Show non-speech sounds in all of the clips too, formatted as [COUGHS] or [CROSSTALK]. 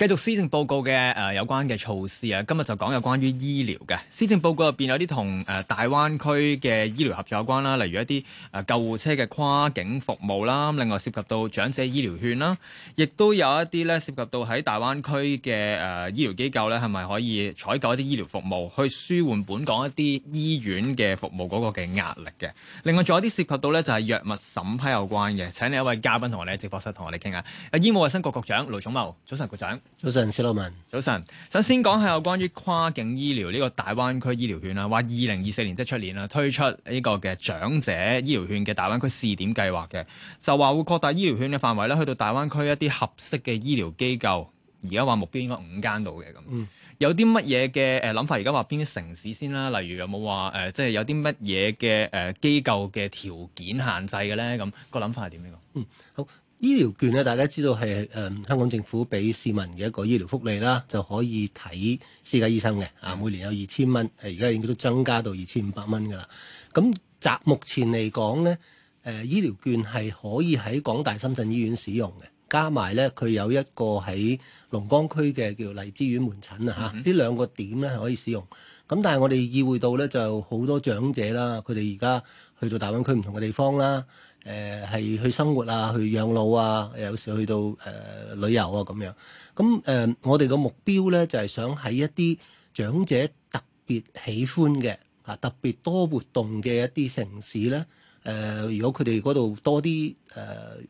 繼續施政報告嘅誒、呃、有關嘅措施啊，今日就講有關於醫療嘅施政報告入邊有啲同誒大灣區嘅醫療合作有關啦，例如一啲誒救護車嘅跨境服務啦，另外涉及到長者醫療券啦，亦都有一啲咧涉及到喺大灣區嘅誒、呃、醫療機構咧，係咪可以採購一啲醫療服務，去舒緩本港一啲醫院嘅服務嗰個嘅壓力嘅？另外仲有啲涉及到咧就係藥物審批有關嘅。請你一位嘉賓同我哋喺直播室同我哋傾下，醫務衞生局局長盧寵茂，早晨，局長。早晨，史樂文。早晨。首先講下有關於跨境醫療呢個大灣區醫療券啦。話二零二四年即係出年啦，推出呢個嘅長者醫療券嘅大灣區試點計劃嘅，就話會擴大醫療券嘅範圍啦，去到大灣區一啲合適嘅醫療機構。而家話目標應該五間度嘅咁。嗯，有啲乜嘢嘅誒諗法？而家話邊啲城市先啦？例如有冇話誒、即、呃、係、就是、有啲乜嘢嘅誒機構嘅條件限制嘅咧？咁個諗法係點呢個？嗯，好。醫療券咧，大家知道係誒、呃、香港政府俾市民嘅一個醫療福利啦，就可以睇私家醫生嘅啊，每年有二千蚊，而家應該都增加到二千五百蚊噶啦。咁、嗯、目前嚟講呢，誒、呃、醫療券係可以喺港大深圳醫院使用嘅，加埋呢，佢有一個喺龍崗區嘅叫荔枝園門診啊，嚇呢兩個點咧係可以使用。咁但係我哋意會到呢，就好多長者啦，佢哋而家去到大灣區唔同嘅地方啦。誒係、呃、去生活啊，去養老啊，有時去到誒、呃、旅遊啊咁樣。咁、呃、誒，我哋個目標咧就係、是、想喺一啲長者特別喜歡嘅啊，特別多活動嘅一啲城市咧。誒、呃，如果佢哋嗰度多啲誒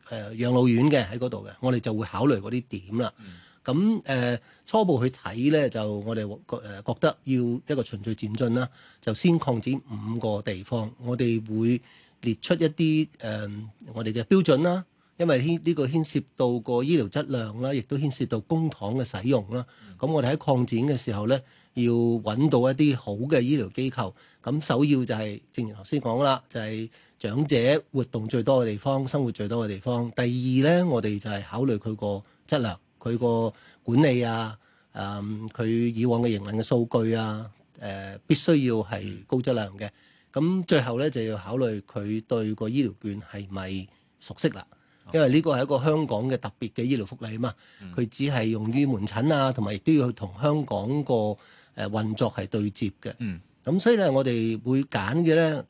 誒養老院嘅喺嗰度嘅，我哋就會考慮嗰啲點啦。咁誒、嗯呃、初步去睇咧，就我哋誒覺得要一個循序漸進啦，就先擴展五個地方，我哋會，列出一啲誒、呃、我哋嘅標準啦，因為牽呢個牽涉到個醫療質量啦，亦都牽涉到公帑嘅使用啦。咁、嗯、我哋喺擴展嘅時候咧，要揾到一啲好嘅醫療機構。咁首要就係、是、正如頭先講啦，就係、是、長者活動最多嘅地方、生活最多嘅地方。第二咧，我哋就係考慮佢個質量、佢個管理啊，誒、呃、佢以往嘅營運嘅數據啊，誒、呃、必須要係高質量嘅。咁最後咧就要考慮佢對個醫療券係咪熟悉啦，因為呢個係一個香港嘅特別嘅醫療福利啊嘛，佢、嗯、只係用於門診啊，同埋亦都要同香港個誒、呃、運作係對接嘅。咁、嗯、所以咧，我哋會揀嘅咧誒，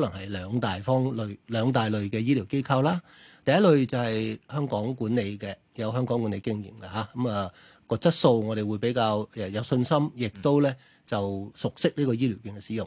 可能係兩大方類、兩大類嘅醫療機構啦。第一類就係香港管理嘅，有香港管理經驗嘅嚇，咁啊個、嗯呃、質素我哋會比較誒有信心，亦都咧就熟悉呢個醫療券嘅使用。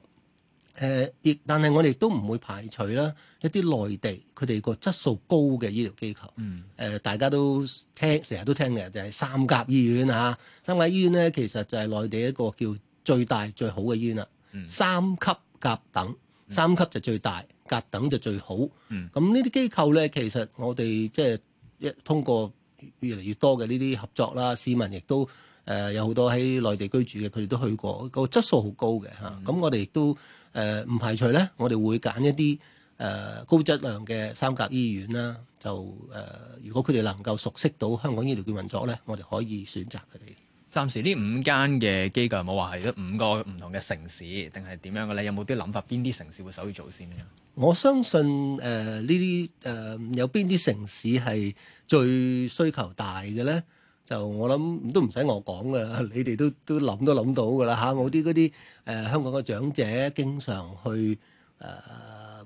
誒，亦但係我哋都唔會排除啦一啲內地佢哋個質素高嘅醫療機構。誒、嗯，大家都聽，成日都聽嘅就係、是、三甲醫院嚇。三甲醫院咧，其實就係內地一個叫最大最好嘅醫院啦。嗯、三級甲等，嗯、三級就最大，甲等就最好。咁呢啲機構咧，其實我哋即係一通過越嚟越多嘅呢啲合作啦，市民亦都。誒、呃、有好多喺內地居住嘅，佢哋都去過，個質素好高嘅嚇。咁、啊嗯、我哋亦都誒唔、呃、排除咧，我哋會揀一啲誒、呃、高質量嘅三甲醫院啦、啊。就誒、呃，如果佢哋能夠熟悉到香港醫療嘅運作咧，我哋可以選擇佢哋。暫時呢五間嘅機構有冇話係得五個唔同嘅城市定係點樣嘅咧？有冇啲諗法？邊啲城市會首要做先嘅？我相信誒呢啲誒有邊啲城市係最需求大嘅咧？就我諗都唔使我講噶啦，你哋都都諗都諗到噶啦嚇。我啲嗰啲誒香港嘅長者經常去誒、呃、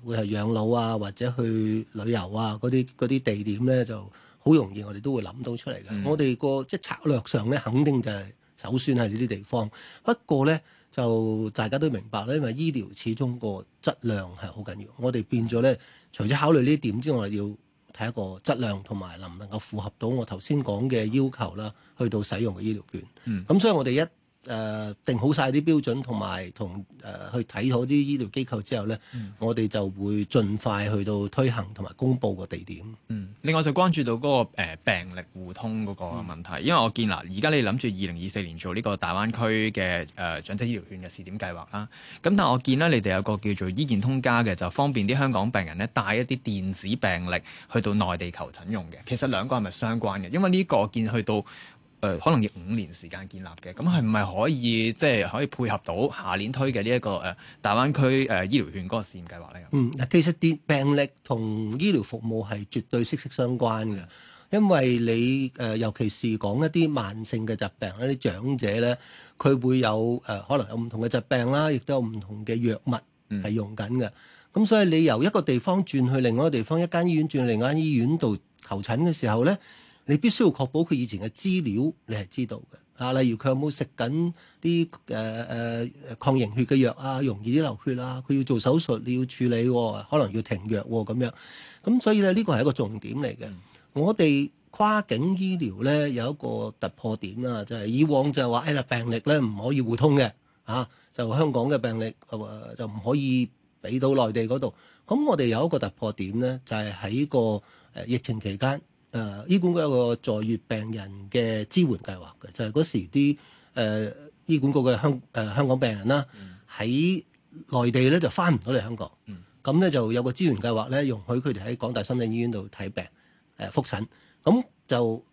會係養老啊，或者去旅遊啊嗰啲嗰啲地點咧，就好容易我哋都會諗到出嚟㗎。嗯、我哋個即係策略上咧，肯定就係、是、首選係呢啲地方。不過咧，就大家都明白啦，因為醫療始終個質量係好緊要。我哋變咗咧，除咗考慮呢點之外，要。睇一個質量同埋能唔能夠符合到我頭先講嘅要求啦，去到使用嘅醫療券。咁、嗯、所以我哋一。誒、呃、定好晒啲標準，同埋同誒去睇好啲醫療機構之後呢，嗯、我哋就會盡快去到推行同埋公佈個地點。嗯，另外就關注到嗰、嗰個、呃、病歷互通嗰個問題，嗯、因為我見嗱，而家你諗住二零二四年做呢個大灣區嘅誒、呃、長者醫療券嘅試點計劃啦。咁但係我見咧，你哋有個叫做醫健通家嘅，就方便啲香港病人咧帶一啲電子病歷去到內地求診用嘅。其實兩個係咪相關嘅？因為呢個我見去到。誒、呃、可能要五年時間建立嘅，咁係唔係可以即係、就是、可以配合到下年推嘅呢一個誒、呃、大灣區誒、呃、醫療圈醫療券嗰個試驗計劃咧？嗯，嗱，其實啲病歷同醫療服務係絕對息息相關嘅，因為你誒、呃、尤其是講一啲慢性嘅疾病，一啲長者咧，佢會有誒、呃、可能有唔同嘅疾病啦，亦都有唔同嘅藥物係用緊嘅，咁、嗯嗯、所以你由一個地方轉去另外一個地方，一間醫院轉去另一間醫院度求診嘅時候咧。你必須要確保佢以前嘅資料，你係知道嘅啊。例如佢有冇食緊啲誒誒抗凝血嘅藥啊，容易啲流血啊？佢要做手術，你要處理、啊，可能要停藥咁、啊、樣。咁所以咧，呢、這個係一個重點嚟嘅。嗯、我哋跨境醫療咧有一個突破點啊，就係、是、以往就係話誒病歷咧唔可以互通嘅啊，就香港嘅病歷就唔可以俾到內地嗰度。咁我哋有一個突破點咧，就係、是、喺個誒疫情期間。誒、呃、醫管局有個在粵病人嘅支援計劃嘅，就係、是、嗰時啲誒、呃、醫管局嘅香誒、呃、香港病人啦，喺、嗯、內地咧就返唔到嚟香港，咁咧、嗯、就有個支援計劃咧容許佢哋喺港大深圳醫院度睇病誒覆、呃、診，咁就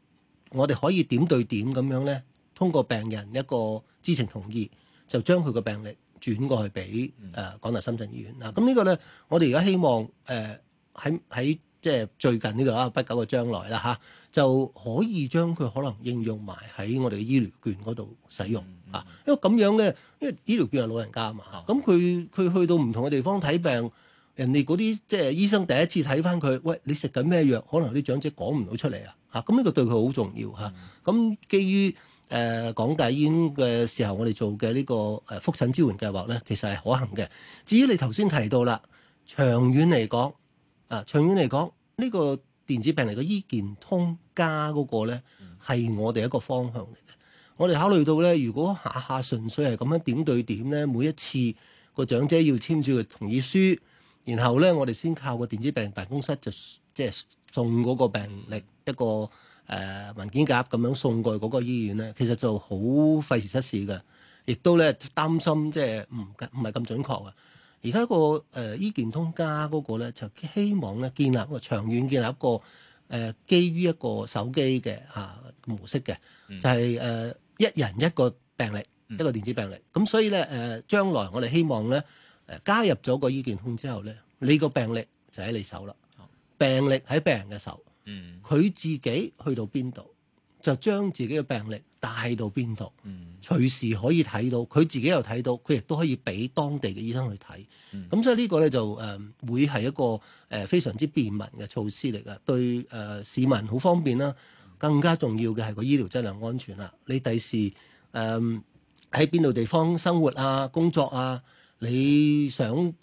我哋可以點對點咁樣咧，通過病人一個知情同意，就將佢個病歷轉過去俾誒港大深圳醫院啦。咁、嗯嗯、呢個咧，我哋而家希望誒喺喺。呃即係最近呢個啦，不久嘅將來啦嚇、啊，就可以將佢可能應用埋喺我哋嘅醫療券嗰度使用啊，因為咁樣咧，因為醫療券係老人家啊嘛嚇，咁佢佢去到唔同嘅地方睇病，人哋嗰啲即係醫生第一次睇翻佢，喂，你食緊咩藥？可能啲長者講唔到出嚟啊，嚇、嗯，咁、這、呢個對佢好重要嚇。咁、啊嗯嗯、基於誒廣大醫院嘅時候我、這個，我哋做嘅呢個誒覆診支援計劃咧，其實係可行嘅。至於你頭先提到啦，長遠嚟講啊，長遠嚟講。呢個電子病歷嘅醫健通加嗰個呢，係我哋一個方向嚟嘅。我哋考慮到呢，如果下下純粹係咁樣點對點呢，每一次個長者要簽署個同意書，然後呢，我哋先靠個電子病歷辦公室就即係送嗰個病歷一個誒、呃、文件夾咁樣送過去嗰個醫院呢，其實就好費事失事嘅，亦都呢，擔心即係唔唔係咁準確啊。而家個誒醫健通加嗰個咧，就希望咧建立個長遠建立一個誒、呃、基於一個手機嘅嚇、啊、模式嘅，就係、是、誒、呃、一人一個病歷，嗯、一個電子病歷。咁所以咧誒、呃，將來我哋希望咧、呃、加入咗個醫健通之後咧，你個病歷就喺你手啦，病歷喺病人嘅手，佢、嗯、自己去到邊度就將自己嘅病歷。帶到邊度？隨時可以睇到，佢自己又睇到，佢亦都可以俾當地嘅醫生去睇。咁、嗯、所以呢個咧就誒、呃、會係一個誒、呃、非常之便民嘅措施嚟㗎，對誒、呃、市民好方便啦。更加重要嘅係個醫療質量安全啦。你第時誒喺邊度地方生活啊、工作啊，你想誒、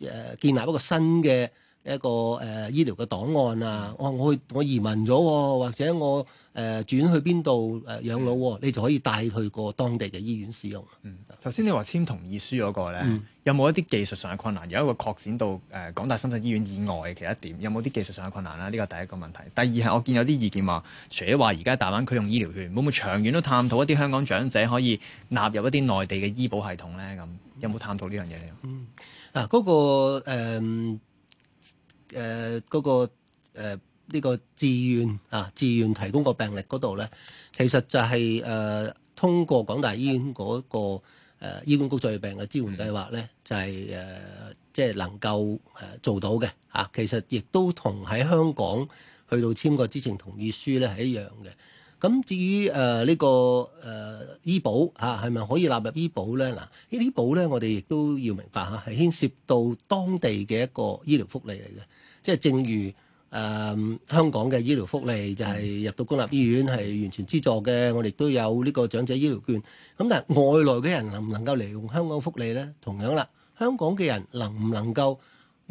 呃、建立一個新嘅。一個誒、呃、醫療嘅檔案啊，嗯、啊我我移民咗、啊，或者我誒、呃、轉去邊度誒養老、啊，你就可以帶去個當地嘅醫院使用。嗯，頭先你話簽同意書嗰個咧，嗯、有冇一啲技術上嘅困難？有一個擴展到誒港、呃、大深圳醫院以外嘅其他點，有冇啲技術上嘅困難咧？呢個第一個問題。第二係我見有啲意見話，除咗話而家大灣區用醫療券，會唔會長遠都探討一啲香港長者可以納入一啲內地嘅醫保系統咧？咁有冇探討呢樣嘢咧？嗯，嗱嗰、嗯那個誒嗰、呃那個呢、呃這個自願啊，自願提供個病歷嗰度咧，其實就係、是、誒、呃、通過港大醫院嗰、那個誒、呃、醫管局在粵病嘅支援計劃咧，就係、是、誒、呃、即係能夠誒、呃、做到嘅嚇、啊。其實亦都同喺香港去到簽個知情同意書咧係一樣嘅。咁至於誒呢個誒、呃、醫保嚇係咪可以納入醫保咧？嗱呢啲保咧，我哋亦都要明白嚇，係牽涉到當地嘅一個醫療福利嚟嘅。即係正如誒、呃、香港嘅醫療福利就係入到公立醫院係完全資助嘅，我哋都有呢個長者醫療券。咁但係外來嘅人能唔能夠嚟用香港福利咧？同樣啦，香港嘅人能唔能夠？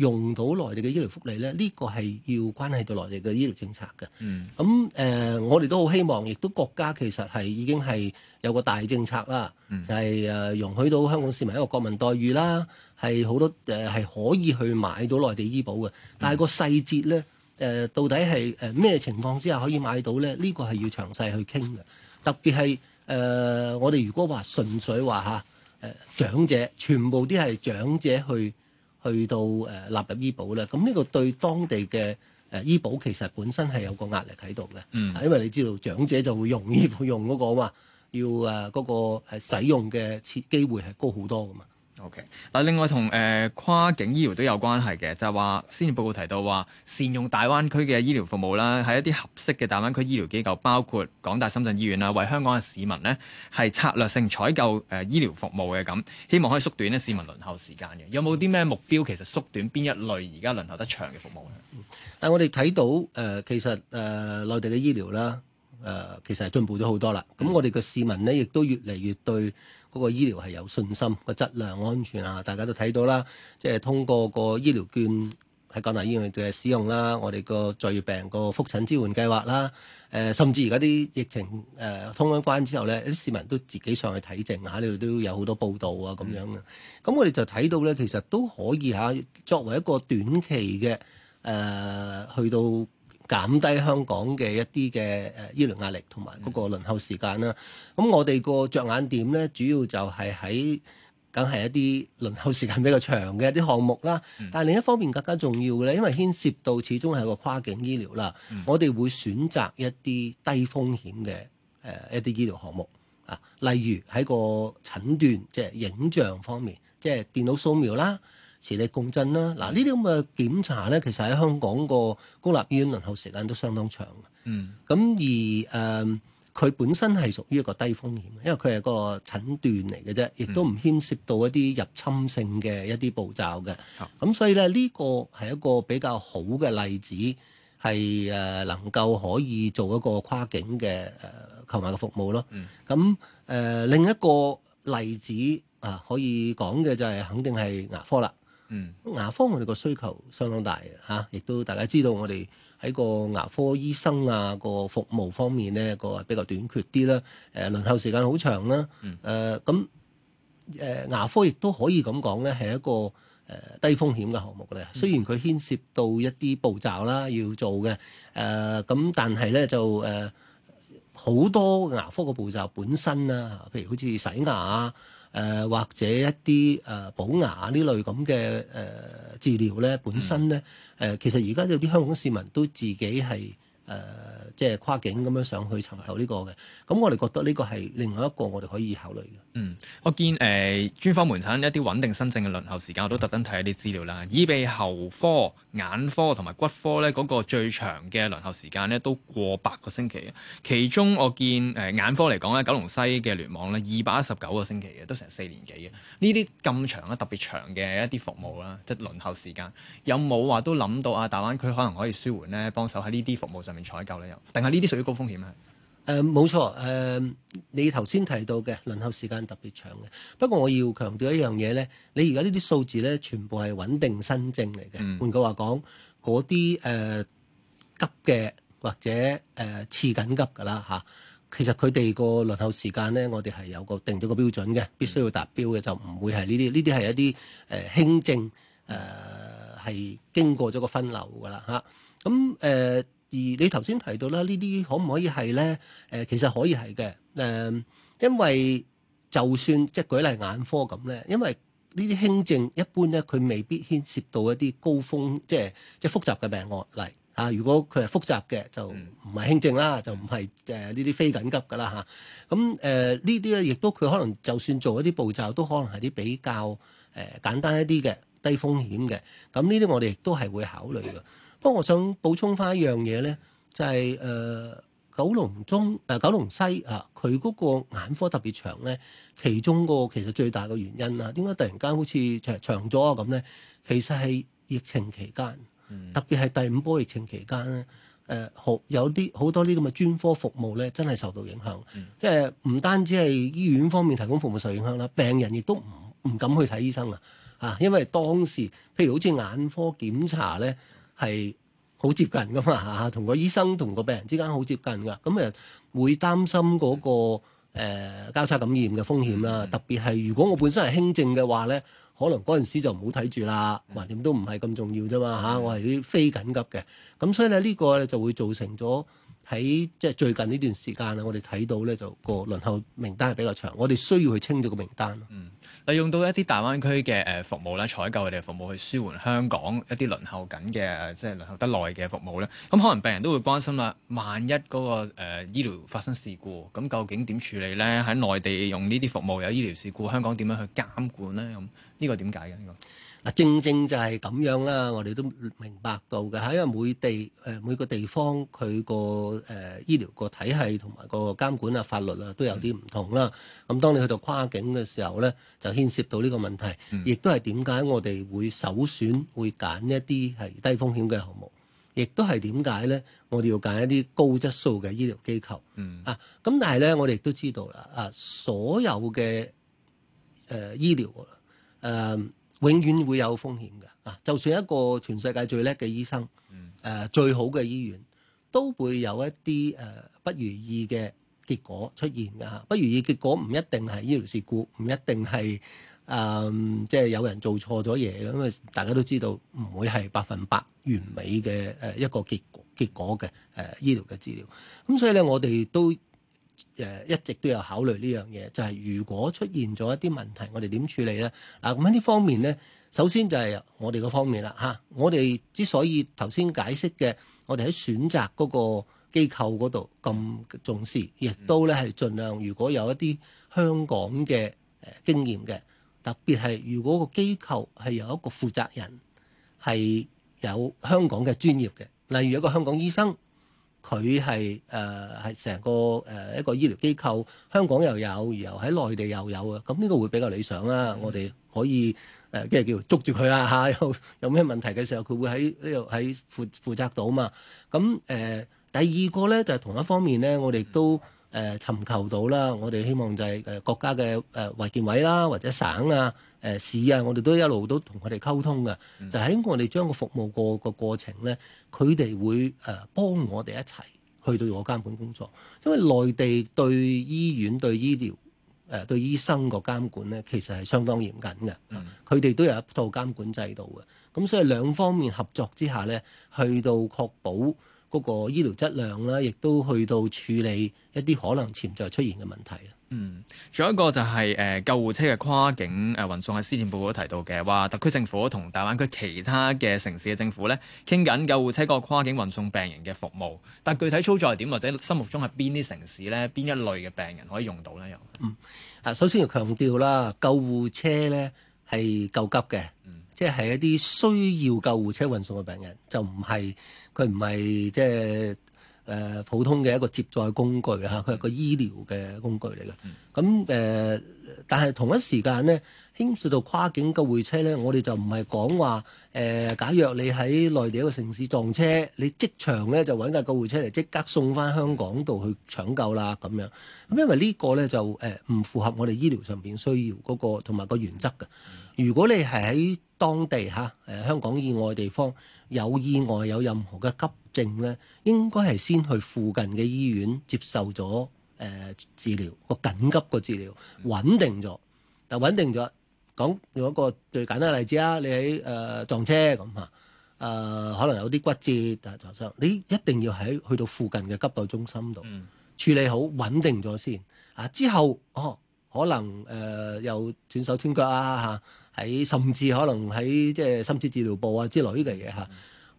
用到內地嘅醫療福利咧，呢、這個係要關係到內地嘅醫療政策嘅。咁誒、mm. 嗯呃，我哋都好希望，亦都國家其實係已經係有個大政策啦，係誒、mm. 就係呃、容許到香港市民一個國民待遇啦，係好多誒係、呃、可以去買到內地醫保嘅。但係個細節咧，誒、呃、到底係誒咩情況之下可以買到咧？呢、這個係要詳細去傾嘅。特別係誒、呃、我哋如果話純粹話嚇誒長者，全部啲係長者去。去到誒納、呃、入醫保咧，咁、這、呢個對當地嘅誒、呃、醫保其實本身係有個壓力喺度嘅，嗯、因為你知道長者就會用醫保用嗰個嘛，要誒嗰、呃，那個使用嘅切機會係高好多噶嘛。O.K. 嗱，另外同誒、呃、跨境醫療都有關係嘅，就係、是、話施政報告提到話，善用大灣區嘅醫療服務啦，喺一啲合適嘅大灣區醫療機構，包括港大深圳醫院啦，為香港嘅市民呢係策略性採購誒、呃、醫療服務嘅咁，希望可以縮短咧市民輪候時間嘅。有冇啲咩目標其縮、呃？其實縮短邊一類而家輪候得長嘅服務咧？但我哋睇到誒，其實誒內地嘅醫療啦，誒其實係進步咗好多啦。咁我哋嘅市民呢，亦都越嚟越對。嗰個醫療係有信心，個質量安全啊！大家都睇到啦，即係通過個醫療券喺各大醫院嘅使用啦， [NOISE] 我哋個在粵病人個復診支援計劃啦，誒、呃、甚至而家啲疫情誒、呃、通咗關之後咧，啲市民都自己上去睇症啊！呢度都有好多報道啊，咁樣嘅。咁、嗯、我哋就睇到咧，其實都可以嚇、啊、作為一個短期嘅誒、呃、去到。減低香港嘅一啲嘅誒醫療壓力同埋嗰個輪候時間啦。咁、mm. 我哋個着眼點咧，主要就係喺梗係一啲輪候時間比較長嘅一啲項目啦。Mm. 但係另一方面更加重要嘅咧，因為牽涉到始終係一個跨境醫療啦，mm. 我哋會選擇一啲低風險嘅誒一啲醫療項目啊，例如喺個診斷即係、就是、影像方面，即、就、係、是、電腦掃描啦。磁力共振啦，嗱、啊、呢啲咁嘅檢查咧，其實喺香港個公立醫院輪候時間都相當長嘅。嗯，咁而誒佢、呃、本身係屬於一個低風險，因為佢係個診斷嚟嘅啫，亦都唔牽涉到一啲入侵性嘅一啲步驟嘅。咁、嗯啊、所以咧，呢、呢個係一個比較好嘅例子，係誒、呃、能夠可以做一個跨境嘅誒購買嘅服務咯。咁誒、嗯啊、另一個例子啊，可以講嘅就係肯定係牙科啦。嗯，牙科我哋個需求相當大嘅嚇，亦、啊、都大家知道我哋喺個牙科醫生啊個服務方面呢個比較短缺啲啦，誒、呃、輪候時間好長啦，誒咁誒牙科亦都可以咁講呢係一個誒、呃、低風險嘅項目嚟，雖然佢牽涉到一啲步驟啦要做嘅，誒、呃、咁但係呢就誒好、呃、多牙科嘅步驟本身啦，譬如好似洗牙啊。誒、呃、或者一啲誒補牙呢類咁嘅誒治療咧，本身咧誒、呃、其實而家有啲香港市民都自己係。誒、呃，即係跨境咁樣上去尋求呢個嘅，咁我哋覺得呢個係另外一個我哋可以考慮嘅。嗯，我見誒、呃、專科門診一啲穩定新症嘅輪候時間，我都特登睇一啲資料啦。耳鼻喉科、眼科同埋骨科呢嗰、那個最長嘅輪候時間呢都過百個星期。其中我見誒、呃、眼科嚟講呢，九龍西嘅聯網呢，二百一十九個星期嘅，都成四年幾嘅。呢啲咁長咧特別長嘅一啲服務啦，即、就、係、是、輪候時間，有冇話都諗到啊？大灣區可能可以舒緩呢，幫手喺呢啲服務上面。採購咧又，定係呢啲屬於高風險咧？誒，冇錯。誒，你頭先提到嘅輪候時間特別長嘅。不過，我要強調一樣嘢咧，你而家呢啲數字咧，全部係穩定新症嚟嘅。換、嗯、句話講，嗰啲誒急嘅或者誒、呃、次緊急㗎喇吓，其實佢哋個輪候時間咧，我哋係有個定咗個標準嘅，必須要達標嘅，嗯、就唔會係呢啲。呢啲係一啲誒輕症誒，係、呃、經過咗個分流㗎喇吓。咁、啊、誒。啊呃而你頭先提到啦，呢啲可唔可以係呢？誒、呃，其實可以係嘅。誒、呃，因為就算即係舉例眼科咁呢，因為呢啲輕症一般呢，佢未必牽涉到一啲高風險，即係即係複雜嘅病案例。嚇、啊。如果佢係複雜嘅，就唔係輕症啦，就唔係誒呢啲非緊急噶啦嚇。咁誒呢啲咧，亦都佢可能就算做一啲步驟，都可能係啲比較誒、呃、簡單一啲嘅低風險嘅。咁呢啲我哋亦都係會考慮嘅。不過我想補充翻一樣嘢咧，就係誒九龍中誒、呃、九龍西啊，佢嗰個眼科特別長咧，其中個其實最大嘅原因啊，點解突然間好似長長咗咁咧？其實係疫情期間，mm. 特別係第五波疫情期間咧，誒、呃、好有啲好多啲咁嘅專科服務咧，真係受到影響，mm. 即係唔單止係醫院方面提供服務受影響啦、啊，病人亦都唔唔敢去睇醫生啊，啊，因為當時譬如好似眼科檢查咧。嗯嗯係好接近噶嘛嚇，同個醫生同個病人之間好接近噶，咁誒會擔心嗰個誒交叉感染嘅風險啦。嗯、特別係如果我本身係輕症嘅話咧，可能嗰陣時就唔好睇住啦，橫掂都唔係咁重要啫嘛嚇，我係啲非緊急嘅，咁所以咧呢、呢個就會造成咗。喺即係最近呢段時間咧，我哋睇到咧就個輪候名單係比較長，我哋需要去清咗個名單。嗯，利用到一啲大灣區嘅誒服務啦，採購佢哋嘅服務去舒緩香港一啲輪候緊嘅即係輪候得耐嘅服務咧。咁可能病人都會關心啦，萬一嗰個誒、呃、醫療發生事故，咁究竟點處理咧？喺內地用呢啲服務有醫療事故，香港點樣去監管咧？咁呢個點解嘅呢個？正正就係咁樣啦，我哋都明白到嘅嚇，因為每地誒、呃、每個地方佢個誒醫療個體系同埋個監管啊、法律啊都有啲唔同啦。咁、嗯、當你去到跨境嘅時候呢，就牽涉到呢個問題，亦都係點解我哋會首選會揀一啲係低風險嘅項目，亦都係點解呢？我哋要揀一啲高質素嘅醫療機構。嗯啊，咁但係呢，我哋都知道啦，啊，所有嘅誒、呃、醫療誒。呃呃永遠會有風險嘅啊！就算一個全世界最叻嘅醫生，誒、呃、最好嘅醫院，都會有一啲誒、呃、不如意嘅結果出現㗎吓。不如意結果唔一定係醫療事故，唔一定係誒即係有人做錯咗嘢，因為大家都知道唔會係百分百完美嘅誒、呃、一個結果結果嘅誒、呃、醫療嘅治療。咁、嗯、所以咧，我哋都。誒一直都有考慮呢樣嘢，就係如果出現咗一啲問題，我哋點處理呢？啊，咁喺呢方面呢，首先就係我哋個方面啦吓，我哋之所以頭先解釋嘅，我哋喺選擇嗰個機構嗰度咁重視，亦都呢係盡量，如果有一啲香港嘅誒經驗嘅，特別係如果個機構係有一個負責人係有香港嘅專業嘅，例如一個香港醫生，佢係誒係成個誒、呃、一個醫療機構，香港又有，然後喺內地又有嘅，咁、這、呢個會比較理想啦。的我哋可以誒，即、呃、係叫捉住佢啊！嚇，有有咩問題嘅時候，佢會喺呢度喺負負責到嘛。咁、嗯、誒、呃，第二個呢，就係、是、同一方面呢，我哋都。誒、呃、尋求到啦，我哋希望就係、是、誒、呃、國家嘅誒衞健委啦，或者省啊、誒、呃、市啊，我哋都一路都同佢哋溝通嘅，嗯、就喺我哋將個服務過個過程咧，佢哋會誒幫、呃、我哋一齊去到個監管工作，因為內地對醫院對醫療誒、呃、對醫生個監管咧，其實係相當嚴謹嘅，佢哋、嗯啊、都有一套監管制度嘅，咁所以兩方面合作之下咧，去到確保。嗰個醫療質量啦，亦都去到處理一啲可能潛在出現嘅問題啊。嗯，仲有一個就係、是、誒、呃、救護車嘅跨境誒、呃、運送，喺施政報告都提到嘅，話特區政府同大灣區其他嘅城市嘅政府咧傾緊救護車個跨境運送病人嘅服務。但具體操作係點，或者心目中係邊啲城市咧，邊一類嘅病人可以用到咧？又嗯啊，首先要強調啦，救護車咧係救急嘅。嗯即係一啲需要救護車運送嘅病人，就唔係，佢唔係即係誒、呃、普通嘅一個接載工具嚇，佢係個醫療嘅工具嚟嘅。咁誒、嗯。嗯呃但係同一時間呢，牽涉到跨境救護車呢，我哋就唔係講話誒。假若你喺內地一個城市撞車，你即場呢就揾架救護車嚟即刻送翻香港度去搶救啦咁樣。咁因為呢個呢就誒唔、呃、符合我哋醫療上邊需要嗰、那個同埋個原則嘅。如果你係喺當地嚇誒、呃、香港以外地方有意外，有任何嘅急症呢，應該係先去附近嘅醫院接受咗。誒、呃、治療個緊急個治療穩定咗，嗱穩定咗，講用一個最簡單嘅例子啦，你喺誒、呃、撞車咁嚇，誒、呃、可能有啲骨折啊、撞傷，你一定要喺去到附近嘅急救中心度處理好、嗯、穩定咗先定啊，之後哦可能誒、呃、又斷手斷腳啊嚇，喺、啊、甚至可能喺即係深切治療部啊之類嘅嘢嚇，啊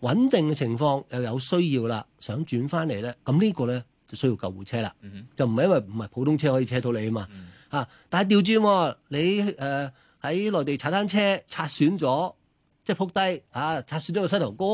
嗯、穩定嘅情況又有需要啦，想轉翻嚟咧，咁呢個咧。呢嗯需要救護車啦，mm hmm. 就唔係因為唔係普通車可以車到你嘛、mm hmm. 啊嘛、啊呃，啊！但係調轉你誒喺內地踩單車擦損咗，即係仆低啊，擦損咗個膝頭哥，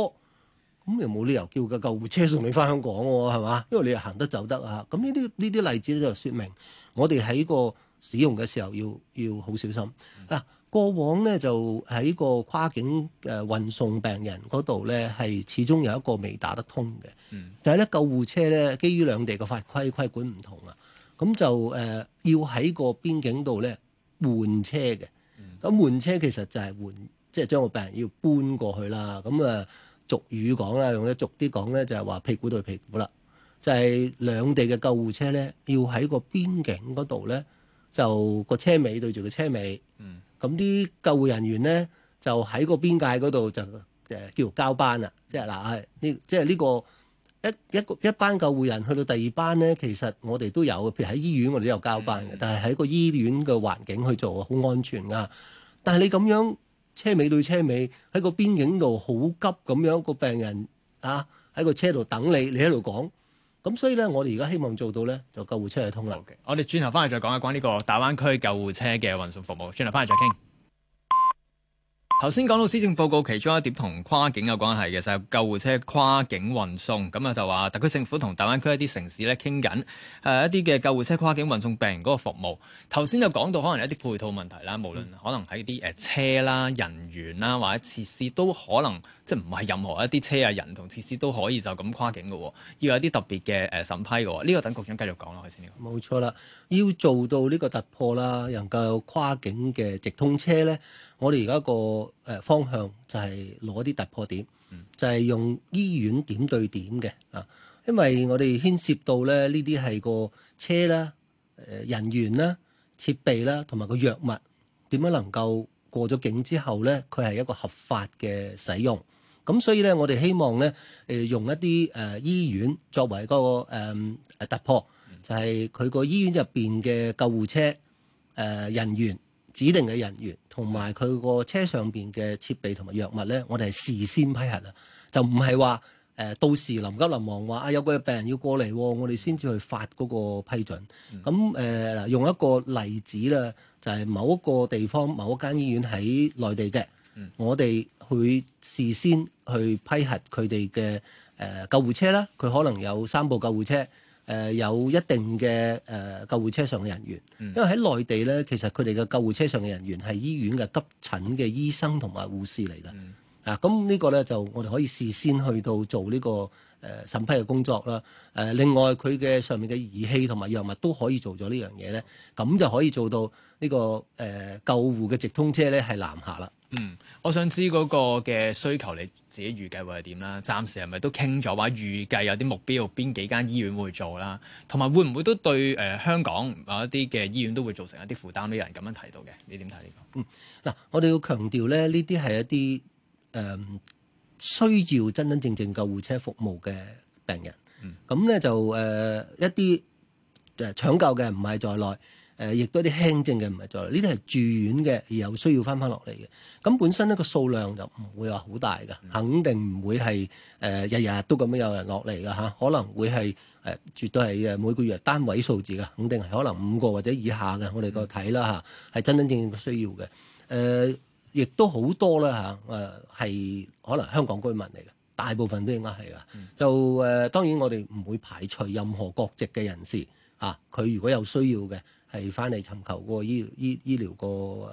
咁又冇理由叫架救護車送你返香港喎、啊，係嘛？因為你又行得走得啊，咁呢啲呢啲例子就説明我哋喺個使用嘅時候要要好小心嗱。Mm hmm. 啊過往咧就喺個跨境誒運送病人嗰度咧，係始終有一個未打得通嘅。嗯，但係咧救護車咧，基於兩地嘅法規規管唔同啊，咁就誒、呃、要喺個邊境度咧換車嘅。嗯，咁換車其實就係換，即係將個病人要搬過去啦。咁啊，俗語講啦，用得俗啲講咧，就係、是、話屁股對屁股啦，就係、是、兩地嘅救護車咧，要喺個邊境嗰度咧，就個車尾對住個車尾。車尾嗯。咁啲救護人員咧就喺個邊界嗰度就誒叫交班啦，即係嗱係呢，即係呢個一一個一班救護人去到第二班咧，其實我哋都有，譬如喺醫院我哋都有交班嘅，但係喺個醫院嘅環境去做好安全噶。但係你咁樣車尾對車尾喺個邊境度好急咁樣，個病人啊喺個車度等你，你喺度講。咁所以咧，我哋而家希望做到咧，就救護車係通啦。Okay. 我哋轉頭翻嚟再講一講呢個大灣區救護車嘅運送服務，轉頭翻嚟再傾。 [NOISE] 頭先講到施政報告其中一點同跨境有關係嘅，就係救護車跨境運送。咁啊就話特區政府同大灣區一啲城市咧傾緊，誒、呃、一啲嘅救護車跨境運送病人嗰個服務。頭先就講到可能一啲配套問題啦，無論可能喺啲誒車啦、人員啦或者設施，都可能即係唔係任何一啲車啊、人同設施都可以就咁跨境嘅，要有啲特別嘅誒、呃、審批嘅。呢、這個等局長繼續講落去先。冇錯啦，要做到呢個突破啦，能夠跨境嘅直通車咧。我哋而家個誒方向就係攞啲突破點，就係、是、用醫院點對點嘅啊，因為我哋牽涉到咧呢啲係個車啦、誒、呃、人員啦、設備啦同埋個藥物點樣能夠過咗境之後咧，佢係一個合法嘅使用。咁所以咧，我哋希望咧誒、呃、用一啲誒、呃、醫院作為、那個誒、呃、突破，就係佢個醫院入邊嘅救護車誒、呃、人員。指定嘅人員同埋佢個車上邊嘅設備同埋藥物呢，我哋係事先批核啦，就唔係話誒到時臨急臨忙話啊有個病人要過嚟，哦，我哋先至去發嗰個批准。咁誒、呃，用一個例子啦，就係、係、某一個地方某一間醫院喺內地嘅，我哋會事先去批核佢哋嘅誒救護車啦，佢可能有三部救護車。誒、呃、有一定嘅誒、呃、救護車上嘅人員，嗯、因為喺內地呢，其實佢哋嘅救護車上嘅人員係醫院嘅急診嘅醫生同埋護士嚟㗎。嗯、啊，咁呢個呢，就我哋可以事先去到做呢、呢個誒、呃、審批嘅工作啦。誒、呃，另外佢嘅上面嘅儀器同埋藥物都可以做咗呢樣嘢呢，咁就可以做到呢、呢個誒、呃、救護嘅直通車呢係南下啦。嗯，我想知嗰個嘅需求你。自己預計會係點啦？暫時係咪都傾咗話預計有啲目標，邊幾間醫院會做啦？同埋會唔會都對誒、呃、香港某一啲嘅醫院都會造成一啲負擔呢？有人咁樣提到嘅，你點睇呢個？嗯，嗱，我哋要強調咧，呢啲係一啲誒、呃、需要真真正正救護車服務嘅病人。嗯，咁咧就誒、呃、一啲誒、呃、搶救嘅唔係在內。誒，亦都啲輕症嘅唔係在呢啲係住院嘅，而有需要翻翻落嚟嘅。咁本身呢個數量就唔會話好大嘅，肯定唔會係誒日日都咁樣有人落嚟嘅嚇。可能會係誒、呃、絕對係誒每個月單位數字嘅，肯定係可能五個或者以下嘅。我哋過睇啦嚇，係真、嗯、真正正嘅需要嘅。誒、呃，亦都好多啦嚇，誒、啊、係可能香港居民嚟嘅，大部分都應該係噶。就誒、呃，當然我哋唔會排除任何國籍嘅人士嚇，佢、啊、如果有需要嘅。係翻嚟尋求個醫醫醫療個誒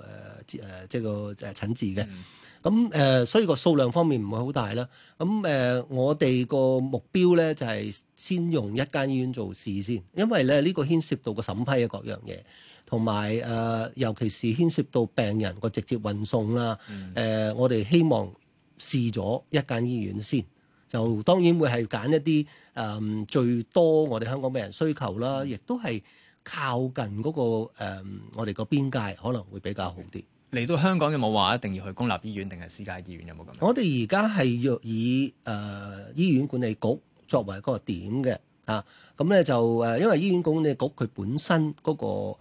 誒即係個誒診治嘅，咁誒、嗯呃、所以個數量方面唔會好大啦。咁誒、呃、我哋個目標咧就係、係、先用一間醫院做試先，因為咧呢、呢個牽涉到個審批嘅各樣嘢，同埋誒尤其是牽涉到病人個直接運送啦。誒、呃嗯呃、我哋希望試咗一間醫院先，就當然會係揀一啲誒、呃、最多我哋香港病人需求啦，亦都係。靠近嗰、那個、呃、我哋個邊界可能會比較好啲。嚟到香港有冇話一定要去公立醫院定係私家醫院，有冇咁？我哋而家係要以誒、呃、醫院管理局作為個點嘅啊，咁咧就誒、呃，因為醫院管理局佢本身嗰個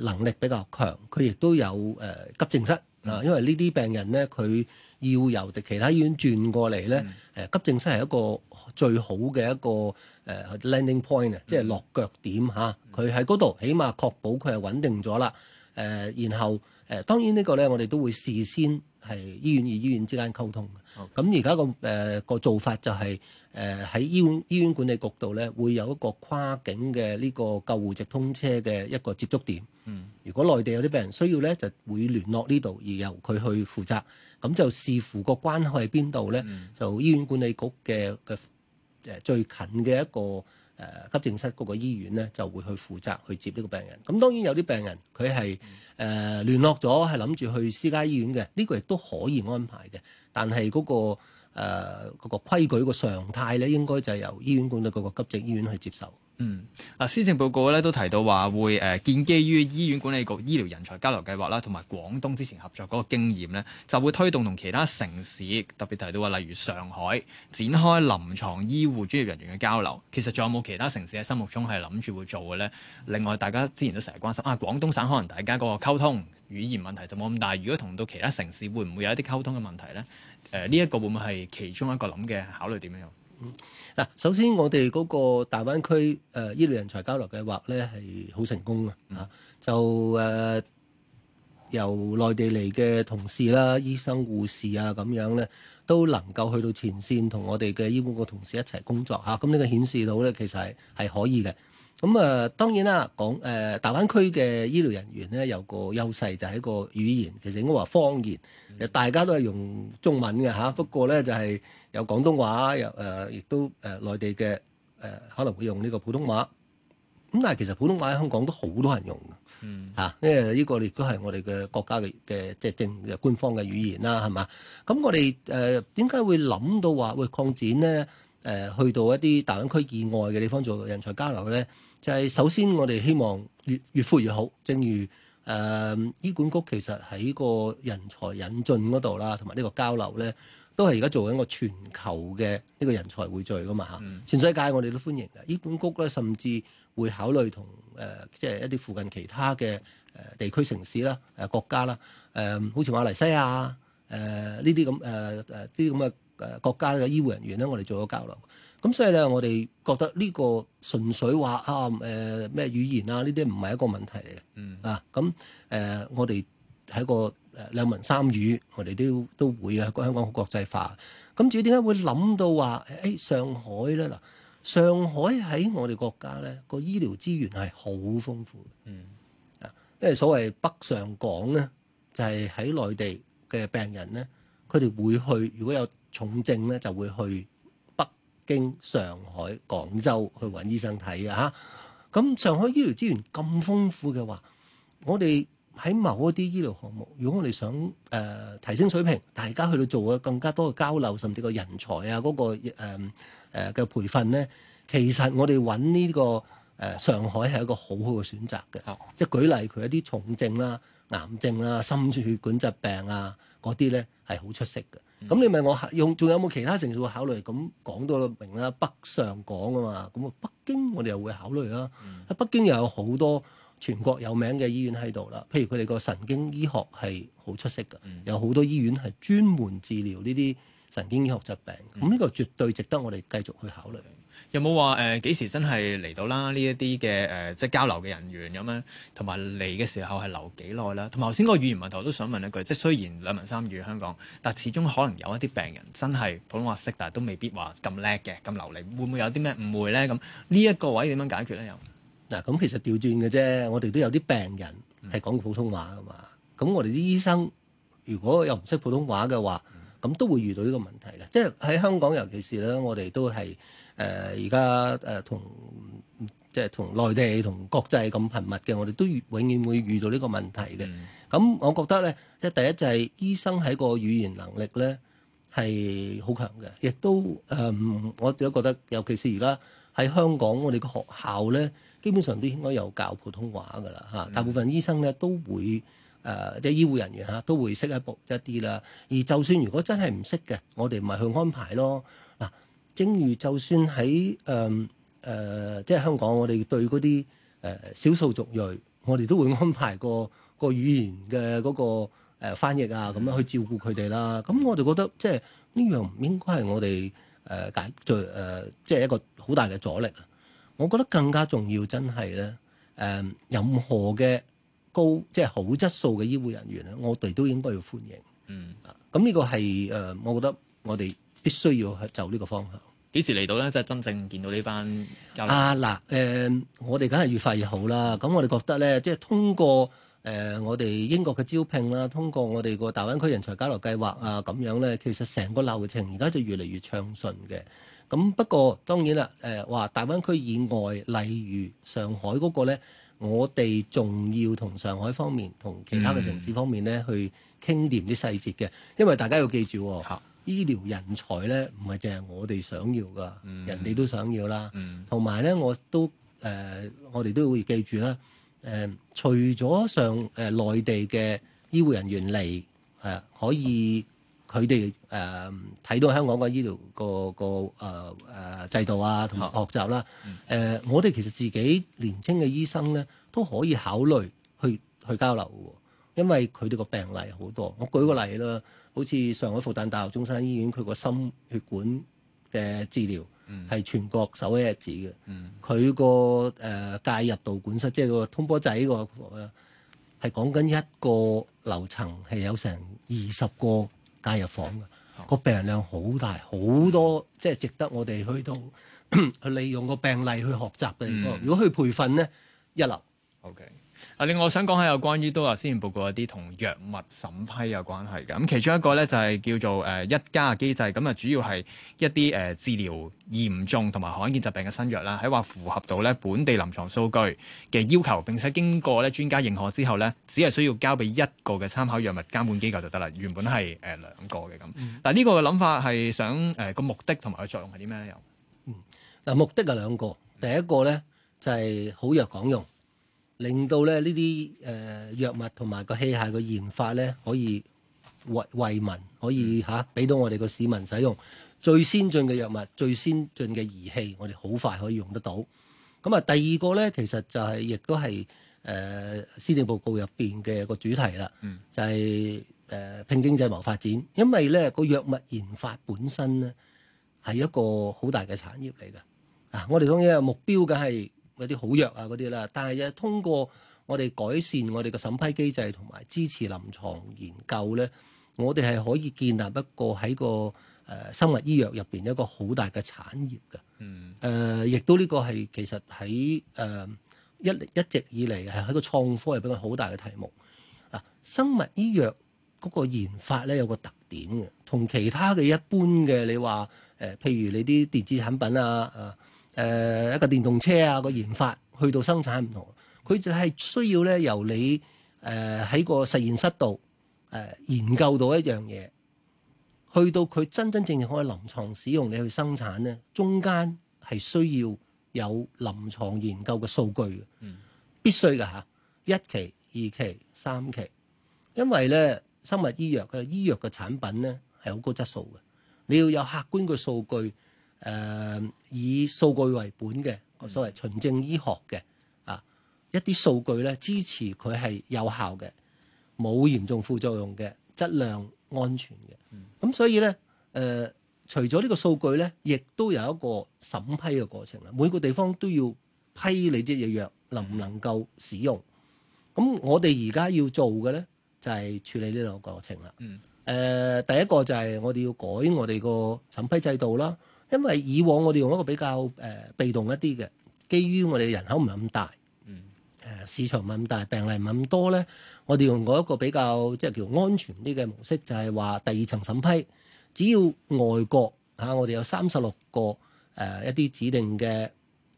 能力比較強，佢亦都有誒、呃、急症室。啊，因為呢啲病人呢，佢要由其他醫院轉過嚟呢，誒、嗯呃、急症室係一個最好嘅一個誒、呃、landing point 啊、嗯，即係落腳點嚇。佢喺嗰度，起碼確保佢係穩定咗啦。誒、呃，然後誒、呃，當然呢個呢，我哋都會事先係醫院與醫院之間溝通。咁而家個誒個做法就係誒喺醫院醫院管理局度呢，會有一個跨境嘅呢、這個救護直通車嘅一個接觸點。嗯，如果內地有啲病人需要呢，就會聯絡呢度而由佢去負責，咁就視乎個關係喺邊度呢？ [NOISE] 就醫院管理局嘅嘅誒最近嘅一個誒、呃、急症室嗰個醫院呢，就會去負責去接呢個病人。咁當然有啲病人佢係誒聯絡咗，係諗住去私家醫院嘅，呢、這個亦都可以安排嘅，但係嗰、那個。誒嗰個規矩個常態咧，應該就係由醫院管理局個急症醫院去接受。嗯，嗱、啊，施政報告咧都提到話會誒建基於醫院管理局醫療人才交流計劃啦，同埋廣東之前合作嗰個經驗咧，就會推動同其他城市，特別提到話，例如上海展開臨床醫護專業人員嘅交流。其實仲有冇其他城市喺心目中係諗住會做嘅咧？另外，大家之前都成日關心啊，廣東省可能大家個溝通。語言問題就冇咁大，如果同到其他城市，會唔會有一啲溝通嘅問題咧？誒、呃，呢、這、一個會唔會係其中一個諗嘅考慮點樣？嗯，嗱，首先我哋嗰個大灣區誒醫療人才交流計劃咧係好成功嘅嚇、嗯啊，就誒、呃、由內地嚟嘅同事啦、醫生、護士啊咁樣咧，都能夠去到前線同我哋嘅醫護個同事一齊工作嚇，咁、啊、呢、這個顯示到咧其實係可以嘅。咁啊、嗯，當然啦，講誒、呃，大灣區嘅醫療人員咧有個優勢就係一個語言，其實應該話方言，大家都係用中文嘅嚇，不過咧就係、是、有廣東話，又誒亦都誒、呃、內地嘅誒、呃、可能會用呢個普通話。咁但係其實普通話喺香港都好多人用嘅，嚇、嗯，因為呢個亦都係我哋嘅國家嘅嘅即係政嘅官方嘅語言啦，係嘛？咁我哋誒點解會諗到話會擴展咧？誒、呃、去到一啲大灣區以外嘅地方做人才交流咧？就係首先，我哋希望越越富越好。正如誒、呃、醫管局其實喺個人才引進嗰度啦，同埋呢個交流咧，都係而家做緊一個全球嘅呢個人才匯聚噶嘛嚇。嗯、全世界我哋都歡迎嘅。醫管局咧，甚至會考慮同誒即係一啲附近其他嘅誒地區城市啦、誒、呃、國家啦、誒、呃、好似馬來西亞誒呢啲咁誒誒啲咁嘅誒國家嘅醫護人員咧，我哋做咗交流。咁所以咧，我哋覺得呢個純粹話啊誒咩語言啊，呢啲唔係一個問題嚟嘅。嗯。啊，咁、呃、誒，我哋喺個兩文三語，我哋都都會嘅、啊，個香港好國際化。咁、啊、至於點解會諗到話誒上海咧嗱？上海喺我哋國家咧，個醫療資源係好豐富嘅。嗯。啊，因為所謂北上廣咧，就係、是、喺內地嘅病人咧，佢哋會去，如果有重症咧，就會去。經上海、廣州去揾醫生睇嘅嚇，咁、啊、上海醫療資源咁豐富嘅話，我哋喺某一啲醫療項目，如果我哋想誒、呃、提升水平，大家去到做嘅更加多嘅交流，甚至個人才啊、嗰、嗰個誒嘅、呃呃、培訓咧，其實我哋揾呢個誒、呃、上海係一個好好嘅選擇嘅。即係的舉例，佢一啲重症啦、癌症啦、心血管疾病啊嗰啲咧係好出色嘅。咁、嗯、你問我用仲有冇其他城市會考慮，咁講到明啦，北上廣啊嘛，咁啊北京我哋又會考慮啦。喺、嗯、北京又有好多全國有名嘅醫院喺度啦，譬如佢哋個神經醫學系好出色嘅，有好多醫院係專門治療呢啲神經醫學疾病。咁呢個絕對值得我哋繼續去考慮。有冇話誒幾時真係嚟到啦？呢一啲嘅誒即係交流嘅人員咁樣，同埋嚟嘅時候係留幾耐啦？同埋頭先個語言問題，我都想問一句，即係雖然兩文三語香港，但始終可能有一啲病人真係普通話識，但係都未必話咁叻嘅咁流利，會唔會有啲咩誤會咧？咁呢一個位點樣解決咧？又嗱，咁、啊、其實調轉嘅啫，我哋都有啲病人係講普通話噶嘛，咁我哋啲醫生如果又唔識普通話嘅話，咁都會遇到呢個問題嘅，即係喺香港尤其是咧，我哋都係。誒而家誒同即係同內地同國際咁頻密嘅，我哋都永遠會遇到呢個問題嘅。咁、嗯、我覺得咧，即係第一就係、是、醫生喺個語言能力咧係好強嘅，亦都誒、呃，我只係覺得，尤其是而家喺香港，我哋個學校咧基本上都應該有教普通話㗎啦嚇。嗯、大部分醫生咧都會誒、呃，即係醫護人員嚇都會識一薄一啲啦。而就算如果真係唔識嘅，我哋咪去安排咯。正如就算喺誒誒即係香港，我哋對嗰啲誒少數族裔，我哋都會安排個個語言嘅嗰、那個誒、呃、翻譯啊，咁樣去照顧佢哋啦。咁、嗯、我哋覺得即係呢樣唔應該係我哋誒、呃、解作誒、呃、即係一個好大嘅阻力啊。我覺得更加重要，真係咧誒任何嘅高即係好質素嘅醫護人員咧，我哋都應該要歡迎。嗯，咁呢、啊這個係誒、呃、我覺得我哋必須要去走呢個方向。幾時嚟到呢？即係真正見到呢班交流啊！嗱，誒，我哋梗係越快越好啦。咁我哋覺得呢，即係通過誒、呃、我哋英國嘅招聘啦，通過我哋個大灣區人才交流計劃啊，咁樣呢，其實成個流程而家就越嚟越暢順嘅。咁不過當然啦，誒、呃、話大灣區以外，例如上海嗰個呢，我哋仲要同上海方面、同其他嘅城市方面呢、嗯、去傾掂啲細節嘅，因為大家要記住。嗯醫療人才咧，唔係淨係我哋想要噶，嗯、人哋都想要啦。同埋咧，我都誒、呃，我哋都會記住啦。誒、呃，除咗上誒、呃、內地嘅醫護人員嚟係啊，可以佢哋誒睇到香港嘅醫療個個誒誒、呃、制度啊，同埋學習啦、啊。誒、嗯呃，我哋其實自己年青嘅醫生咧，都可以考慮去去交流嘅，因為佢哋個病例好多。我舉個例啦。好似上海復旦大學中山醫院佢個心血管嘅治療係全國首屈一指嘅，佢個誒介入導管室，即係個通波仔個，係講緊一個樓層係有成二十個介入房嘅，個、哦、病人量好大，好多即係值得我哋去到去 [COUGHS] 利用個病例去學習嘅。嗯、如果去培訓咧，一流。Okay. 啊！另外，我想講下有關於都話先前報告一啲同藥物審批有關係嘅咁，其中一個咧就係叫做誒、呃、一加機制咁啊，主要係一啲誒、呃、治療嚴重同埋罕見疾病嘅新藥啦，喺話符合到咧本地臨床數據嘅要求，並且經過咧專家認可之後咧，只係需要交俾一個嘅參考藥物監管機構就得啦。原本係誒、呃、兩個嘅咁，但呢個嘅諗法係想誒個、呃、目的同埋個作用係啲咩咧？有嗱、嗯啊、目的係兩個，第一個咧就係好藥講用。令到咧呢啲誒、呃、藥物同埋個器械個研發咧，可以為為民，可以嚇俾到我哋個市民使用最先進嘅藥物、最先進嘅儀器，我哋好快可以用得到。咁啊，第二個咧，其實就係、是、亦都係誒施政報告入邊嘅個主題啦，嗯、就係誒拼經濟謀發展。因為咧、嗰個藥物研發本身咧係一個好大嘅產業嚟㗎，嗱、啊、我哋當然目標嘅係。有啲好藥啊嗰啲啦，但係又通過我哋改善我哋嘅審批機制同埋支持臨床研究咧，我哋係可以建立一個喺個誒生物醫藥入邊一個好大嘅產業嘅。嗯。誒，亦都呢個係其實喺誒一一直以嚟係喺個創科入邊個好大嘅題目。嗱，生物醫藥嗰個,、呃個,呃個,個,啊、個研發咧有個特點嘅，同其他嘅一般嘅你話誒、呃，譬如你啲電子產品啊啊。誒、呃、一個電動車啊，個研發去到生產唔同，佢就係需要咧由你誒喺、呃、個實驗室度誒、呃、研究到一樣嘢，去到佢真真正正可以臨床使用，你去生產咧，中間係需要有臨床研究嘅數據，嗯、必須㗎吓，一期、二期、三期，因為咧生物醫藥嘅醫藥嘅產品咧係好高質素嘅，你要有客觀嘅數據。誒、呃、以數據為本嘅，所謂循證醫學嘅，啊一啲數據咧支持佢係有效嘅，冇嚴重副作用嘅，質量安全嘅。咁、嗯、所以咧，誒、呃、除咗呢個數據咧，亦都有一個審批嘅過程啦。每個地方都要批你隻藥藥能唔能夠使用。咁、嗯、我哋而家要做嘅咧，就係、是、處理呢兩個過程啦。誒、嗯呃，第一個就係我哋要改我哋個審批制度啦。因為以往我哋用一個比較誒、呃、被動一啲嘅，基於我哋人口唔係咁大，誒、嗯、市場唔係咁大，病例唔係咁多咧，我哋用過一個比較即係叫安全啲嘅模式，就係、是、話第二層審批，只要外國嚇、啊、我哋有三十六個誒、呃、一啲指定嘅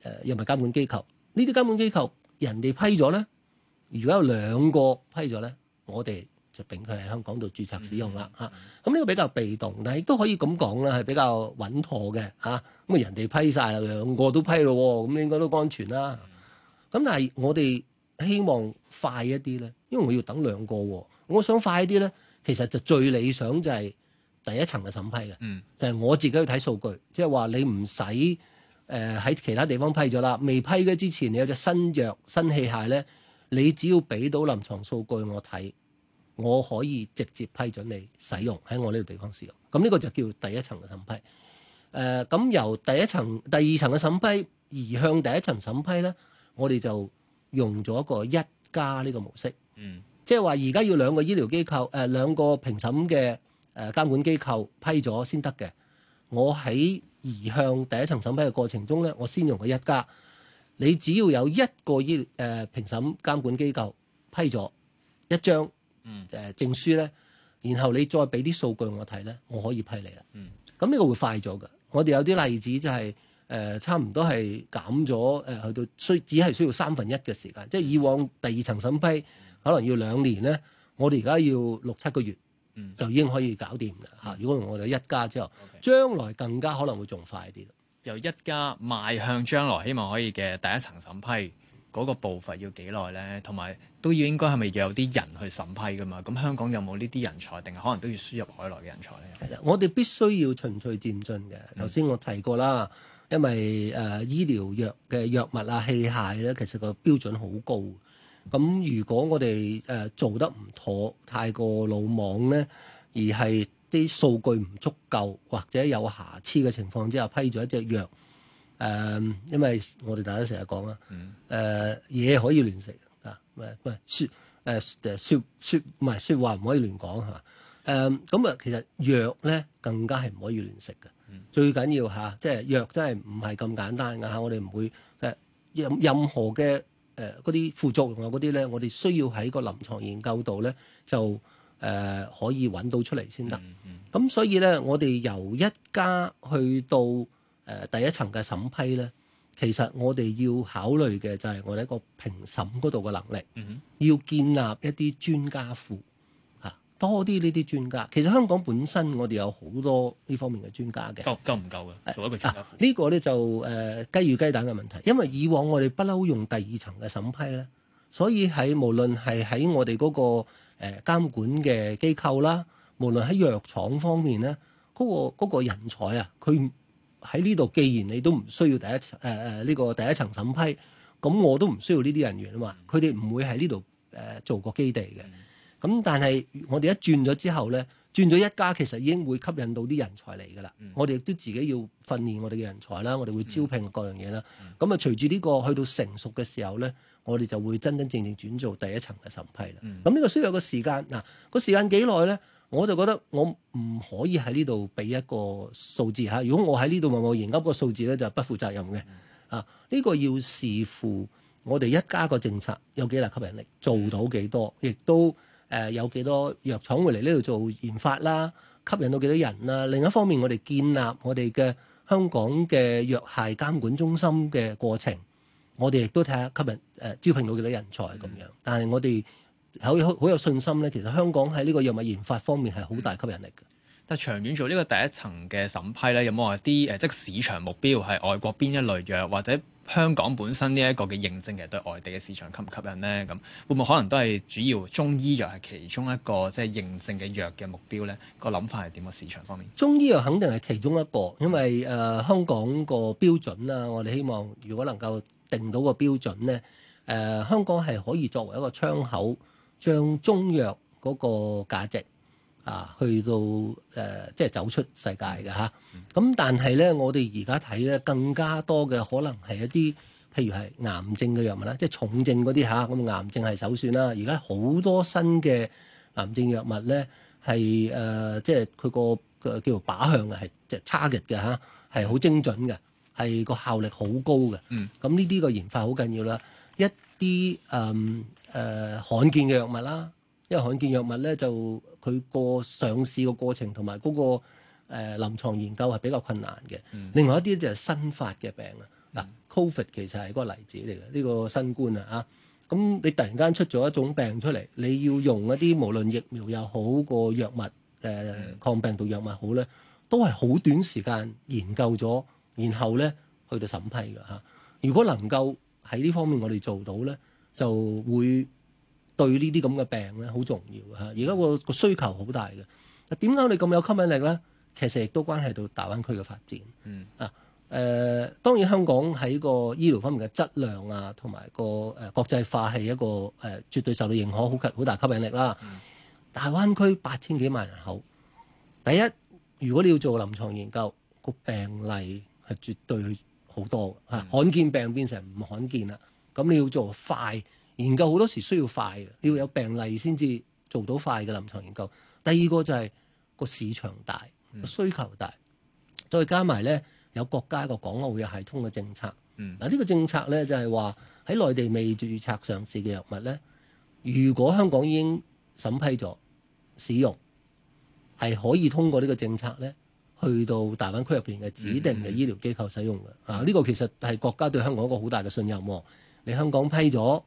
誒藥物監管機構，呢啲監管機構人哋批咗咧，如果有兩個批咗咧，我哋。就並佢喺香港度註冊使用啦嚇，咁呢、嗯嗯啊這個比較被動，但亦都可以咁講啦，係比較穩妥嘅嚇。咁啊人哋批晒啦，兩個都批咯，咁、嗯嗯、應該都安全啦。咁、嗯嗯、但係我哋希望快一啲咧，因為我要等兩個喎。我想快一啲咧，其實就最理想就係第一層嘅審批嘅，就係、是、我自己去睇數據，即係話你唔使誒喺其他地方批咗啦，未批嘅之前，你有隻新藥新器械咧，你只要俾到臨床數據我睇。我可以直接批准你使用喺我呢度地方使用，咁呢個就叫第一層嘅審批。誒咁由第一層第二層嘅審批移向第一層審批呢，我哋就用咗個一加呢個模式，嗯，即係話而家要兩個醫療機構，誒兩個評審嘅誒監管機構批咗先得嘅。我喺移向第一層審批嘅過程中呢，我先用一個一加，你只要有一個醫誒評審監管機構批咗一張。誒、嗯、證書咧，然後你再俾啲數據我睇咧，我可以批你啦。咁呢、嗯、個會快咗㗎。我哋有啲例子就係、是、誒、呃、差唔多係減咗誒去到需只係需要三分一嘅時間，即係以往第二層審批可能要兩年咧，我哋而家要六七個月就已經可以搞掂啦嚇。嗯、如果我哋一加之後，將來更加可能會仲快啲，由一加邁向將來希望可以嘅第一層審批。嗰個步伐要幾耐咧？同埋都要應該係咪有啲人去審批噶嘛？咁香港有冇呢啲人才，定係可能都要輸入海外嘅人才咧？我哋必須要循序漸進嘅。頭先、嗯、我提過啦，因為誒、呃、醫療藥嘅藥物啊、器械咧，其實個標準好高。咁、嗯、如果我哋誒、呃、做得唔妥、太過魯莽咧，而係啲數據唔足夠或者有瑕疵嘅情況之下批咗一隻藥。誒，um, 因為我哋大家成日講啊，誒嘢，嗯呃，可以亂食啊？唔係説誒誒説説唔係説話唔可以亂講嚇。誒咁啊，嗯嗯，其實藥咧更加係唔可以亂食嘅。嗯，最緊要嚇，即，啊，係，就是、藥真係唔係咁簡單㗎嚇。我哋唔會誒任，啊，任何嘅誒嗰啲副作用啊嗰啲咧，我哋需要喺個臨床研究度咧就誒，呃，可以揾到出嚟先得。咁，嗯嗯，所以咧，我哋由一家去到誒第一層嘅審批呢，其實我哋要考慮嘅就係我哋一個評審嗰度嘅能力，嗯哼要建立一啲專家庫嚇，多啲呢啲專家。其實香港本身我哋有好多呢方面嘅專家嘅，夠唔夠嘅？做一個專家呢、啊啊呢個咧就誒、呃、雞與雞蛋嘅問題，因為以往我哋不嬲用第二層嘅審批呢。所以喺無論係喺我哋嗰個誒監管嘅機構啦，無論喺藥廠方面咧，嗰個嗰個人才啊，佢。喺呢度，既然你都唔需要第一層誒呢個第一層審批，咁我都唔需要呢啲人員啊嘛，佢哋唔會喺呢度誒做個基地嘅。咁、嗯、但係我哋一轉咗之後咧，轉咗一家其實已經會吸引到啲人才嚟噶啦。嗯、我哋亦都自己要訓練我哋嘅人才啦，我哋會招聘各樣嘢啦。咁啊、嗯，嗯、隨住呢、呢個去到成熟嘅時候咧，我哋就會真真正，正正轉做第一層嘅審批啦。咁呢、嗯嗯、個需要一個時間嗱，個時間幾耐咧？我就覺得我唔可以喺呢度俾一個數字嚇。如果我喺呢度問我研究個數字咧，就不負責任嘅。啊，呢個要視乎我哋一家個政策有幾大吸引力，做到幾多，亦都誒有幾多藥廠會嚟呢度做研發啦，吸引到幾多人啦。另一方面，我哋建立我哋嘅香港嘅藥械監管中心嘅過程，我哋亦都睇下吸引誒、呃、招聘到幾多人才咁樣。但係我哋。好有好有信心咧，其實香港喺呢個藥物研發方面係好大吸引力嘅。但係長遠做呢個第一層嘅審批咧，有冇話啲誒即係市場目標係外國邊一類藥，或者香港本身呢一個嘅認證，嘅對外地嘅市場吸唔吸引咧？咁會唔會可能都係主要中醫藥係其中一個即係認證嘅藥嘅目標咧？個諗法係點？個市場方面，中醫藥肯定係其中一個，因為誒、呃、香港個標準啦，我哋希望如果能夠定到個標準咧，誒、呃、香港係可以作為一個窗口。將中藥嗰個價值啊，去到誒、呃，即係走出世界嘅嚇。咁、啊、但係咧，我哋而家睇咧，更加多嘅可能係一啲，譬如係癌症嘅藥物啦，即係重症嗰啲嚇。咁、啊、癌症係首選啦。而家好多新嘅癌症藥物咧，係誒、呃，即係佢個叫做靶向嘅，係即係差 a r g 嘅嚇，係、啊、好精準嘅，係個效力好高嘅。嗯。咁呢啲個研發好緊要啦。一啲誒誒罕見嘅藥物啦，因為罕見藥物咧就佢個上市個過程同埋嗰個誒、呃、臨牀研究係比較困難嘅。嗯、另外一啲就係新發嘅病啊，嗱、嗯、Covid 其實係個例子嚟嘅，呢個新冠啊，嚇。咁你突然間出咗一種病出嚟，你要用一啲無論疫苗又好個藥物誒、呃、抗病毒藥物好咧，都係好短時間研究咗，然後咧去到審批嘅嚇、啊。如果能夠喺呢方面我哋做到咧，就會對呢啲咁嘅病咧好重要嚇。而家個個需求好大嘅。嗱，點解我哋咁有吸引力咧？其實亦都關係到大灣區嘅發展。嗯。啊，誒、呃，當然香港喺個醫療方面嘅質量啊，同埋個誒國際化係一個誒、呃、絕對受到認可，好好大吸引力啦。嗯。大灣區八千幾萬人口，第一，如果你要做臨床研究，個病例係絕對好多啊！嗯、罕見病變成唔罕見啦，咁你要做快研究，好多時需要快嘅，你要有病例先至做到快嘅臨床研究。第二個就係、係、個市場大，個需求大，嗯、再加埋咧有國家個港澳嘅系統嘅政策。嗱、嗯，呢個政策咧就係話喺內地未註冊上市嘅藥物咧，如果香港已經審批咗使用，係可以通過呢個政策咧。去到大灣區入邊嘅指定嘅醫療機構使用嘅，啊呢個其實係國家對香港一個好大嘅信任喎、哦。你香港批咗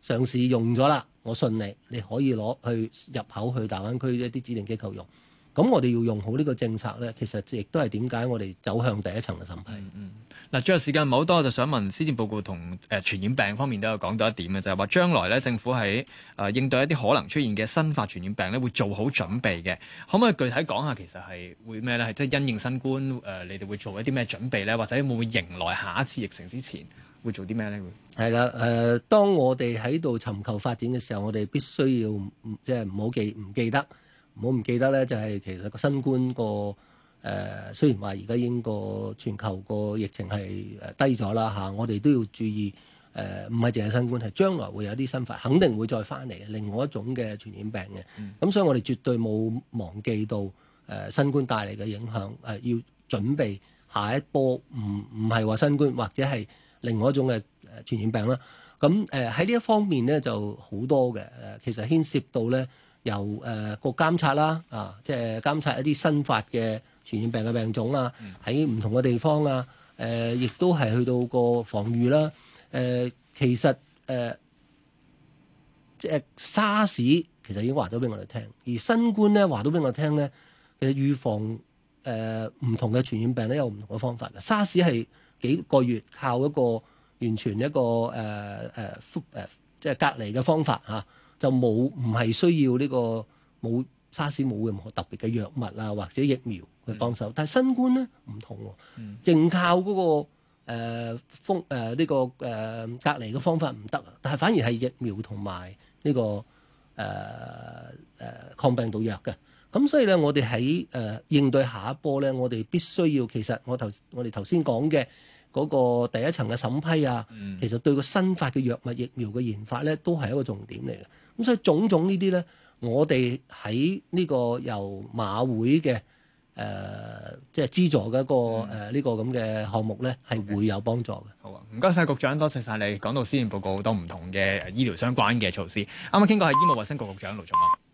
上市用咗啦，我信你，你可以攞去入口去大灣區一啲指定機構用。咁我哋要用好呢個政策咧，其實亦都係點解我哋走向第一層嘅審批。嗯，嗱，最後時間唔好多，我就想問施政報告同誒傳染病方面都有講到一點嘅，就係話將來咧政府喺誒、呃、應對一啲可能出現嘅新發傳染病咧，會做好準備嘅。可唔可以具體講下其實係會咩咧？即係因應新冠誒、呃，你哋會做一啲咩準備咧？或者會唔會迎來下一次疫情之前會做啲咩咧？係啦，誒、呃，當我哋喺度尋求發展嘅時候，我哋必須要即係唔好記唔記得。唔好唔記得咧，就係、是、其實個新冠個誒、呃，雖然話而家應個全球個疫情係低咗啦嚇，我哋都要注意誒，唔係淨係新冠，係將來會有啲新發，肯定會再翻嚟嘅，另外一種嘅傳染病嘅。咁、嗯、所以我哋絕對冇忘記到誒、呃、新冠帶嚟嘅影響，誒、呃、要準備下一波，唔唔係話新冠或者係另外一種嘅傳染病啦。咁誒喺呢一方面咧就好多嘅，誒、呃、其實牽涉到咧。由誒個監察啦，啊，即係監察一啲新發嘅傳染病嘅病種啦，喺唔 [MUSIC] 同嘅地方啊，誒亦都係去到個防禦啦。誒、啊、其實誒、啊、即係沙士其實已經話咗俾我哋聽，而新冠咧話咗俾我哋聽咧，其實預防誒唔、啊、同嘅傳染病咧有唔同嘅方法嘅、啊啊啊。沙士係幾個月靠一個完全一個誒誒誒即係隔離嘅方法嚇。啊啊就冇唔係需要呢、這個冇沙士冇任何特別嘅藥物啊，或者疫苗去幫手。但係新冠咧唔同、啊，淨靠嗰、那個誒、呃、風呢、呃這個誒、呃、隔離嘅方法唔得。但係反而係疫苗同埋呢個誒誒、呃呃、抗病毒藥嘅。咁所以咧，我哋喺誒應對下一波咧，我哋必須要其實我頭我哋頭先講嘅。嗰個第一層嘅審批啊，嗯、其實對個新發嘅藥物疫苗嘅研發咧，都係一個重點嚟嘅。咁所以種種呢啲咧，我哋喺呢個由馬會嘅誒、呃，即係資助嘅一個誒、嗯呃這個、呢個咁嘅項目咧，係、嗯 okay，會有幫助嘅。好啊，唔該晒，局長，多謝晒你講到施政報告好多唔同嘅醫療相關嘅措施。啱啱傾過係醫務衛生局局長盧寵茂。